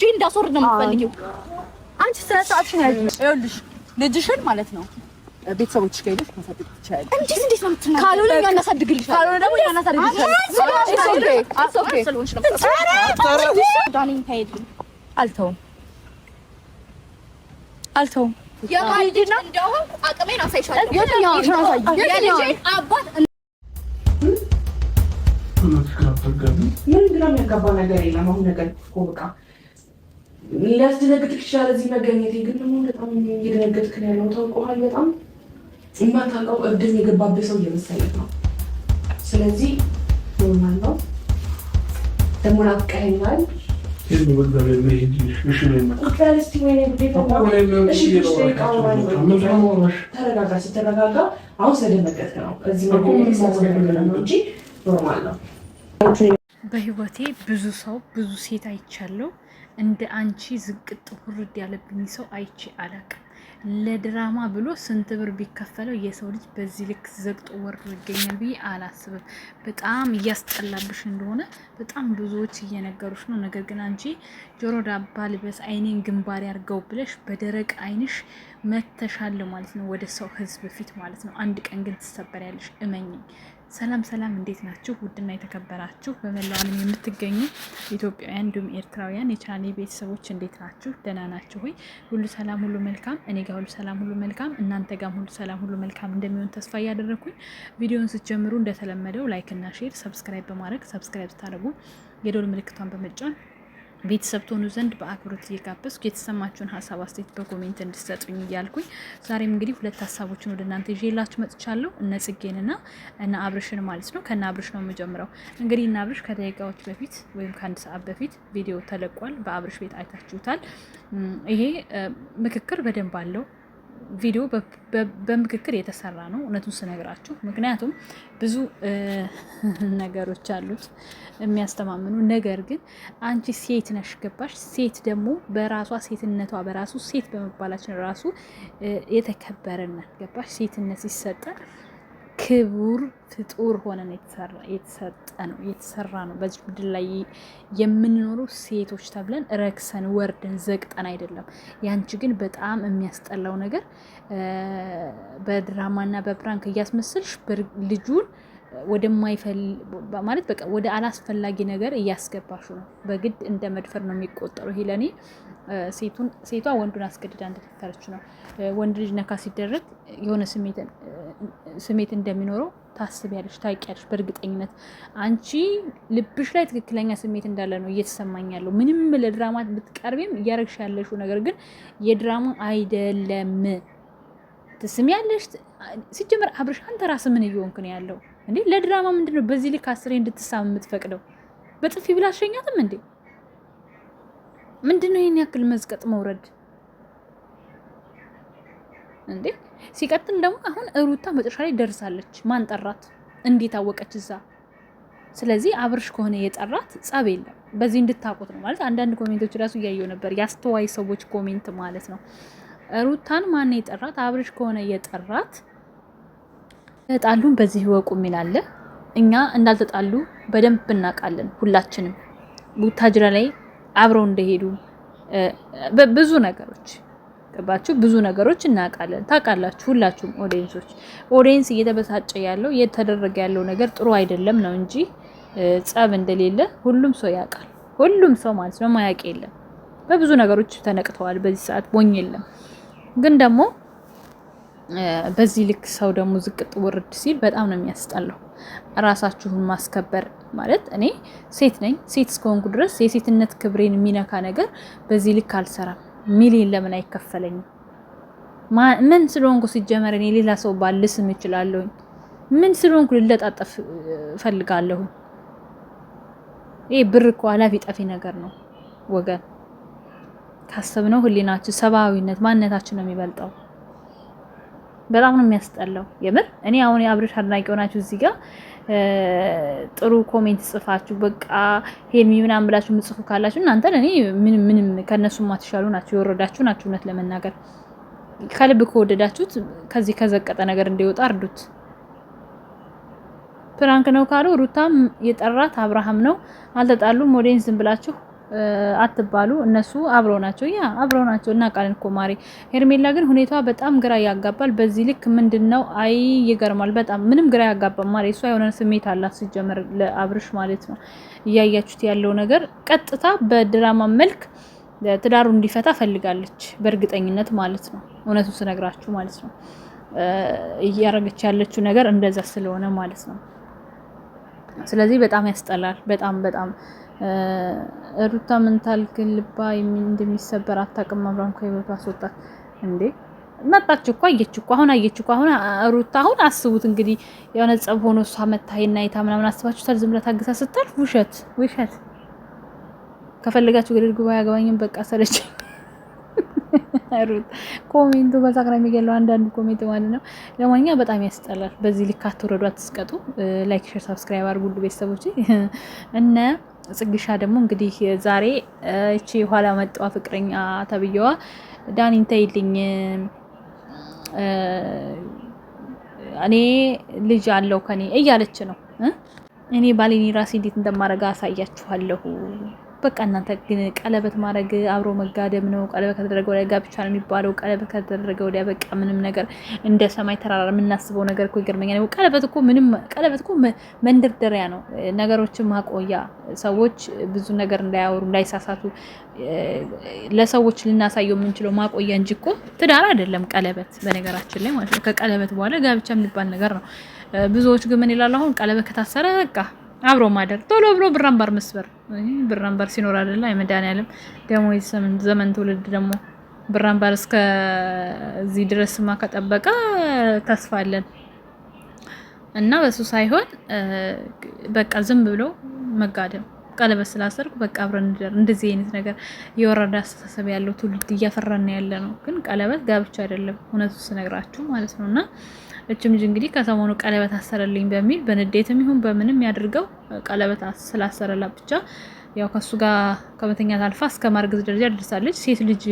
ልጅ እንዳስወርድ ነው የምትፈልጊው አንቺ። ስነ ስርዓትሽን ይኸውልሽ ልጅሽን ማለት ነው ቤተሰቦች ጋር ማሳደግ እንዴት ነው ካልሆነ ካልሆነ ደግሞ አልተውም አልተውም እንደውም አቅሜን አሳይሻለሁ። ምንም ግራ የሚያጋባ ነገር የለም። አሁን ነገር እኮ በቃ ሊያስደነግጥክ ይችላል። እዚህ መገኘቴ ግን ደግሞ በጣም እየደነገጥክ ነው ያለው። ታውቀዋል። በጣም የማታውቀው እብድም የገባብህ ሰው እየመሰለህ ነው። ስለዚህ ኖርማል ነው። ደግሞ ናፍቀኸኛል። ተረጋጋ። ስትረጋጋ አሁን ስለደነገጥክ ነው እዚህ ነው እንጂ ኖርማል ነው። በህይወቴ ብዙ ሰው ብዙ ሴት አይቻለሁ። እንደ አንቺ ዝቅጥ ውርድ ያለብኝ ሰው አይቼ አላቅም። ለድራማ ብሎ ስንት ብር ቢከፈለው የሰው ልጅ በዚህ ልክ ዘግጦ ወርዶ ይገኛል ብዬ አላስብም። በጣም እያስጠላብሽ እንደሆነ በጣም ብዙዎች እየነገሩሽ ነው። ነገር ግን አንቺ ጆሮ ዳባ ልበስ አይኔን ግንባር ያርገው ብለሽ በደረቅ አይንሽ መተሻል ማለት ነው፣ ወደ ሰው ህዝብ ፊት ማለት ነው። አንድ ቀን ግን ትሰበሪያለሽ፣ እመኝኝ። ሰላም ሰላም፣ እንዴት ናችሁ? ውድና የተከበራችሁ በመላው ዓለም የምትገኙ ኢትዮጵያውያን እንዲሁም ኤርትራውያን የቻኔ ቤተሰቦች እንዴት ናችሁ? ደህና ናችሁ ሆይ? ሁሉ ሰላም፣ ሁሉ መልካም፣ እኔ ጋር ሁሉ ሰላም፣ ሁሉ መልካም፣ እናንተ ጋም ሁሉ ሰላም፣ ሁሉ መልካም እንደሚሆን ተስፋ እያደረግኩኝ ቪዲዮውን ስትጀምሩ እንደተለመደው ላይክ እና ሼር፣ ሰብስክራይብ በማድረግ ሰብስክራይብ ስታደርጉ የደወል ምልክቷን በመጫን ቤተሰብ ትሆኑ ዘንድ በአክብሮት እየጋበዝኩ የተሰማችሁን ሀሳብ አስተያየት በኮሜንት እንድሰጡኝ እያልኩኝ ዛሬም እንግዲህ ሁለት ሀሳቦችን ወደ እናንተ ይዤላችሁ መጥቻለሁ። እነ ጽጌንና እነ አብርሽን ማለት ነው። ከነ አብርሽ ነው የምጀምረው። እንግዲህ እነ አብርሽ ከደቂቃዎች በፊት ወይም ከአንድ ሰዓት በፊት ቪዲዮ ተለቋል። በአብርሽ ቤት አይታችሁታል። ይሄ ምክክር በደንብ አለው። ቪዲዮ በምክክር የተሰራ ነው እውነቱን ስነግራችሁ። ምክንያቱም ብዙ ነገሮች አሉት የሚያስተማምኑ። ነገር ግን አንቺ ሴት ነሽ፣ ገባሽ? ሴት ደግሞ በራሷ ሴትነቷ በራሱ ሴት በመባላችን ራሱ የተከበረን ገባሽ? ሴትነት ሲሰጠን ክቡር ፍጡር ሆነን የተሰጠ ነው የተሰራ ነው። በዚህ ምድር ላይ የምንኖረው ሴቶች ተብለን ረክሰን ወርደን ዘቅጠን አይደለም። ያንቺ ግን በጣም የሚያስጠላው ነገር በድራማና በፕራንክ እያስመስልሽ ልጁን ወደማይፈል ማለት በቃ ወደ አላስፈላጊ ነገር እያስገባሹ ነው። በግድ እንደ መድፈር ነው የሚቆጠሩ ይሄ ለእኔ ሴቷ ወንዱን አስገድዳ እንደደፈረች ነው። ወንድ ልጅ ነካ ሲደረግ የሆነ ስሜት እንደሚኖረው ታስቢያለሽ፣ ታውቂያለሽ በእርግጠኝነት አንቺ ልብሽ ላይ ትክክለኛ ስሜት እንዳለ ነው እየተሰማኝ ያለው። ምንም ለድራማ ብትቀርቢም እያረግሽ ያለሽው ነገር ግን የድራማ አይደለም። ትስሚያለሽ። ሲጀመር አብርሽ አንተ ራስህ ምን እየሆንክ ነው ያለው እንዴ? ለድራማ ምንድን ነው በዚህ ልክ አስሬ እንድትሳም የምትፈቅደው? በጥፊ ብላ አሸኛትም እንዴ? ምንድን ነው ይህን ያክል መዝቀጥ መውረድ እንዴ? ሲቀጥል ደግሞ አሁን እሩታ መጨረሻ ላይ ደርሳለች። ማን ጠራት? እንዴት አወቀች እዛ? ስለዚህ አብርሽ ከሆነ የጠራት ጸብ የለም። በዚህ እንድታቁት ነው ማለት አንዳንድ ኮሜንቶች ራሱ እያየው ነበር፣ የአስተዋይ ሰዎች ኮሜንት ማለት ነው። ሩታን ማን የጠራት? አብርሽ ከሆነ የጠራት ተጣሉን በዚህ ወቁ የሚላለ እኛ እንዳልተጣሉ በደንብ እናውቃለን። ሁላችንም ቡታጅራ ላይ አብረው እንደሄዱ ብዙ ነገሮች ገባችሁ? ብዙ ነገሮች እናውቃለን። ታውቃላችሁ ሁላችሁም ኦዲየንሶች። ኦዲየንስ እየተበሳጨ ያለው እየተደረገ ያለው ነገር ጥሩ አይደለም ነው እንጂ ጸብ እንደሌለ ሁሉም ሰው ያውቃል። ሁሉም ሰው ማለት ነው ማያውቅ የለም። በብዙ ነገሮች ተነቅተዋል። በዚህ ሰዓት ቦኝ የለም። ግን ደግሞ በዚህ ልክ ሰው ደግሞ ዝቅጥ ውርድ ሲል በጣም ነው የሚያስጠላው። ራሳችሁን ማስከበር ማለት እኔ ሴት ነኝ፣ ሴት እስከሆንኩ ድረስ የሴትነት ክብሬን የሚነካ ነገር በዚህ ልክ አልሰራም። ሚሊን ለምን አይከፈለኝም? ምን ስለሆንኩ ሲጀመር እኔ ሌላ ሰው ባል ስም እችላለሁኝ? ምን ስለሆንኩ ልለጣጠፍ እፈልጋለሁ? ይህ ብር እኮ ኃላፊ ጠፊ ነገር ነው ወገን ካሰብነው ህሊናችን፣ ሰብአዊነት፣ ማንነታችን ነው የሚበልጠው። በጣም ነው የሚያስጠላው። የምር እኔ አሁን የአብርሽ አድናቂ ሆናችሁ እዚህ ጋር ጥሩ ኮሜንት ጽፋችሁ በቃ ሄርሚ ምናምን ብላችሁ ምጽፉ ካላችሁ እናንተን እኔ ምንም ከእነሱ ማትሻሉ ናችሁ፣ የወረዳችሁ ናችሁ። እውነት ለመናገር ከልብ ከወደዳችሁት ከዚህ ከዘቀጠ ነገር እንዲወጣ እርዱት። ፕራንክ ነው ካሉ ሩታም የጠራት አብርሃም ነው አልተጣሉም። ወደን ዝም ብላችሁ አትባሉ። እነሱ አብረው ናቸው፣ ያ አብረው ናቸው እና ቃልን እኮ ማሬ ሄርሜላ ግን ሁኔታ በጣም ግራ ያጋባል። በዚህ ልክ ምንድን ነው? አይ ይገርማል። በጣም ምንም ግራ ያጋባል ማሪ። እሷ የሆነ ስሜት አላት ሲጀመር ለአብርሽ ማለት ነው። እያያችሁት ያለው ነገር ቀጥታ በድራማ መልክ ትዳሩ እንዲፈታ ፈልጋለች፣ በእርግጠኝነት ማለት ነው። እውነቱ ስነግራችሁ ማለት ነው። እያረገች ያለችው ነገር እንደዛ ስለሆነ ማለት ነው። ስለዚህ በጣም ያስጠላል። በጣም በጣም ሩታ ምንታል ግን ልባ እንደሚሰበር አታውቅም። አብራም ከህይወቱ አስወጣት እንዴ መጣች እኮ አየች እኮ አሁን አየች እኮ አሁን ሩታ አሁን አስቡት እንግዲህ የሆነ ጸብ ሆኖ እሷ መታይና አይታ ምናምን አስባችሁታል። ዝም ብላ ታግሳ ስታልፍ ውሸት ውሸት። ከፈለጋችሁ ገደል ግባ ያገባኝም በቃ ሰለች ሩት ኮሜንቱ በዛቅ ነው የሚገለው። አንዳንዱ ኮሜንት ማለት ነው። ለማንኛውም በጣም ያስጠላል። በዚህ ልክ አትውረዱ፣ አትስቀጡ። ላይክ፣ ሼር፣ ሰብስክራይብ አድርጉ ቤተሰቦች እና ጽግሻ ደግሞ እንግዲህ ዛሬ እቺ የኋላ መጣዋ ፍቅረኛ ተብዬዋ ዳኒን ተይልኝ እኔ ልጅ አለው ከኔ እያለች ነው። እኔ ባሌን ራሴ እንዴት እንደማደርግ አሳያችኋለሁ በቃ እናንተ ግን ቀለበት ማድረግ አብሮ መጋደም ነው። ቀለበት ከተደረገ ወዲያ ጋብቻ ነው የሚባለው። ቀለበት ከተደረገ ወዲያ በቃ ምንም ነገር እንደ ሰማይ ተራራ የምናስበው ነገር እኮ ይገርመኛል። ቀለበት እኮ ምንም ቀለበት እኮ መንደርደሪያ ነው፣ ነገሮችን ማቆያ፣ ሰዎች ብዙ ነገር እንዳያወሩ እንዳይሳሳቱ ለሰዎች ልናሳየው የምንችለው ማቆያ እንጂ እኮ ትዳር አይደለም ቀለበት። በነገራችን ላይ ማለት ነው ከቀለበት በኋላ ጋብቻ የሚባል ነገር ነው። ብዙዎች ግን ምን ይላሉ? አሁን ቀለበት ከታሰረ በቃ አብሮ ማደር ቶሎ ብሎ ብር መስበር። ብር ሲኖር አይደለ መድኃኒዓለም ደግሞ ዘመን ትውልድ ደግሞ ብር አምባር እስከ እዚህ ድረስማ ከጠበቀ ተስፋ አለን እና በሱ ሳይሆን በቃ ዝም ብሎ መጋደም ቀለበት ስላሰርኩ በቃ አብረን እንደር እንደዚህ አይነት ነገር የወረዳ አስተሳሰብ ያለው ትውልድ እያፈራን ያለ ነው። ግን ቀለበት ጋብቻ አይደለም፣ እውነቱ ስነግራችሁ ማለት ነው። እና እችም ልጅ እንግዲህ ከሰሞኑ ቀለበት አሰረልኝ በሚል በንዴትም ይሁን በምንም ያድርገው ቀለበት ስላሰረላት ብቻ ያው ከሱ ጋር ከመተኛት አልፋ እስከ ማርገዝ ደረጃ ደርሳለች። ሴት ልጅ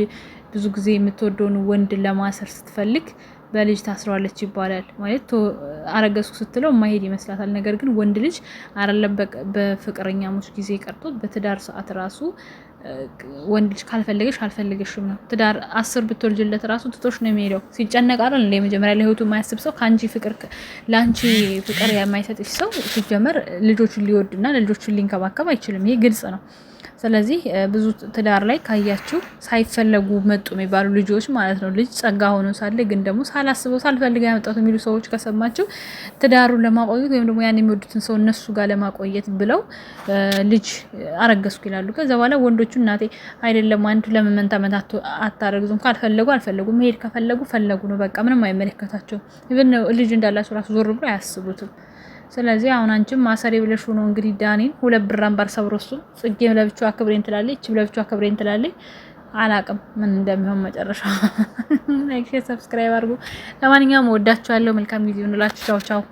ብዙ ጊዜ የምትወደውን ወንድ ለማሰር ስትፈልግ በልጅ ታስረዋለች ይባላል። ማለት አረገዝኩ ስትለው ማሄድ ይመስላታል። ነገር ግን ወንድ ልጅ አይደለም በፍቅረኛሞች ጊዜ ቀርቶት በትዳር ሰዓት ራሱ ወንድ ልጅ ካልፈለገሽ አልፈለገሽም ነው። ትዳር አስር ብትወልጅለት ራሱ ትቶሽ ነው የሚሄደው። ሲጨነቅ አይደል እንደ መጀመሪያ ለህይወቱ የማያስብ ሰው ከአንቺ ፍቅር ለአንቺ ፍቅር የማይሰጥሽ ሰው ሲጀመር ልጆቹን ሊወድና ለልጆቹን ሊንከባከብ አይችልም። ይሄ ግልጽ ነው። ስለዚህ ብዙ ትዳር ላይ ካያችሁ ሳይፈለጉ መጡ የሚባሉ ልጆች ማለት ነው። ልጅ ጸጋ ሆኖ ሳለ ግን ደግሞ ሳላስበው ሳልፈልገ ያመጣሁት የሚሉ ሰዎች ከሰማችሁ ትዳሩን ለማቆየት ወይም ደግሞ ያን የሚወዱትን ሰው እነሱ ጋር ለማቆየት ብለው ልጅ አረገዝኩ ይላሉ። ከዚ በኋላ ወንዶቹ እናቴ አይደለም አንዱ ለመመንት ዓመት አታረግዙም፣ ካልፈለጉ አልፈለጉ፣ መሄድ ከፈለጉ ፈለጉ ነው በቃ ምንም አይመለከታቸውም። ልጅ እንዳላቸው ራሱ ዞር ብሎ አያስቡትም። ስለዚህ አሁን አንቺም ማሰሪ ብለሽ ሆኖ እንግዲህ ዳኒን ሁለት ብር አምባር ሰብሮ እሱ ጽጌም ለብቻዋ ክብሬን ትላለች፣ እቺም ለብቻዋ አክብሬን ትላለች። አላቅም ምን እንደሚሆን መጨረሻ። ላይክ፣ ሰብስክራይብ አድርጉ። ለማንኛውም ወዳችኋለሁ። መልካም ጊዜ ይሁንላችሁ። ቻው ቻው።